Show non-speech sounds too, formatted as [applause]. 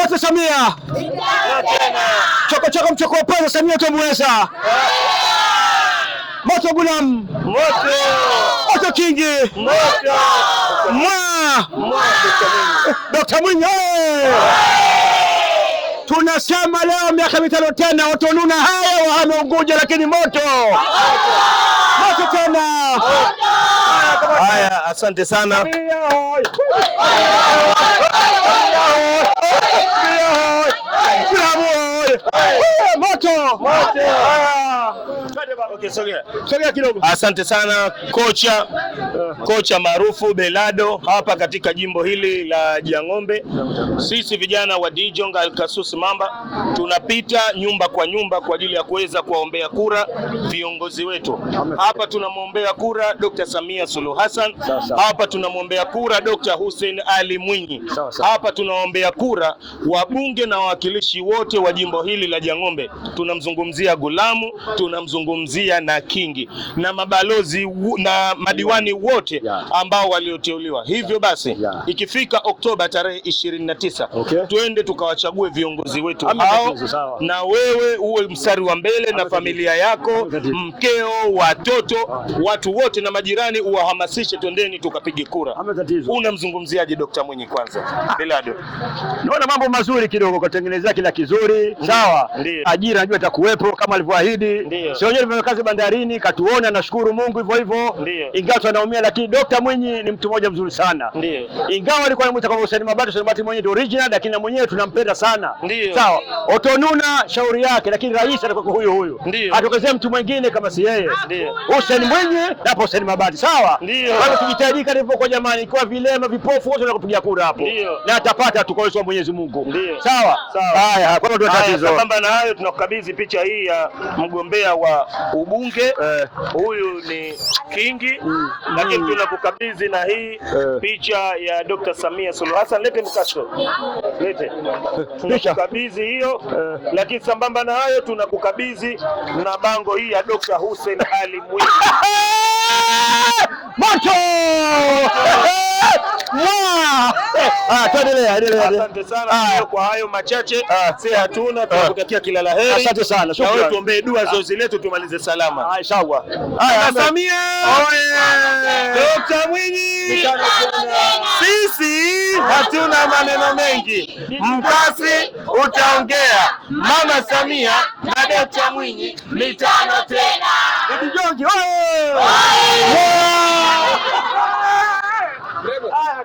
Wote Samia choko mchoko wa Samia utamuweza. Moto Gulam, moto Kingi, mwa Dokta Mwinyi. Tunasema leo miaka mitano tena watonuna haya wahame Unguja, lakini moto moto tena. Haya, asante sana. moto moto. Ah! Okay, sogea sogea kidogo. Asante sana kocha kocha maarufu Belado hapa katika jimbo hili la Jang'ombe. Sisi vijana wa Dijonga Alkasusi Mamba tunapita nyumba kwa nyumba kwa ajili ya kuweza kuwaombea kura viongozi wetu. Hapa tunamwombea kura Dr. Samia Suluhu Hassan, hapa tunamwombea kura Dr. Hussein Ali Mwinyi, hapa tunaombea kura wabunge na wawakilishi wote wa jimbo hili la Jang'ombe tunamzungumzia Gulamu, tunamzungumzia na Kingi na mabalozi na madiwani wote ambao walioteuliwa. Hivyo basi ikifika Oktoba tarehe 29 okay, tuende tukawachague viongozi wetu hao, na wewe uwe mstari wa mbele na familia yako, mkeo, watoto, watu wote na majirani, uwahamasishe, twendeni tukapige kura. Unamzungumziaje Dokta Mwinyi? Kwanza Bilado, ah. naona mambo mazuri kidogo, katengenezea kila kizuri, sawa ajira najua itakuwepo kama alivyoahidi. Sio wenyewe alifanya kazi bandarini, katuona, nashukuru Mungu hivyo hivyo, ingawa tunaumia, lakini Dokta Mwinyi ni mtu mmoja mzuri sana, ingawa alikuwa anamuita kwa Hussein Mabati. Hussein Mabati mwenyewe ndio original, lakini na mwenyewe tunampenda sana. Sawa, Otonuna shauri yake, lakini rais atakuwa huyo huyo, atokezea mtu mwingine kama si yeye. Hussein Mwinyi na Hussein Mabati, sawa. Kwa tujitahidi kadri kwa jamani, kwa vilema vipofu wote tunakupigia kura hapo, na atapata, tukoeswa Mwenyezi Mungu, sawa. Haya, kwa ndio tatizo. na hayo tuna tunakabidhi picha hii ya mgombea wa ubunge eh, huyu eh, ni Kingi mm, lakini mm. tunakukabidhi na hii eh, picha ya Dr. Samia Suluhu Hassan. Lete mkasho, lete tunakukabidhi hiyo eh, lakini sambamba na hayo tunakukabidhi na bango hii ya Dr. Hussein Ali Mwinyi [laughs] moto Ah, Asante sana ah. kwa hayo machache, ah. si hatuna, tunakutakia kila la heri. Asante sana, shukrani. Tuombee dua zoezi letu tumalize salama, inshallah. Samia Dkt. Mwinyi, sisi hatuna maneno mengi, mkasi utaongea Mama Samia na dokta Mwinyi mitano tena.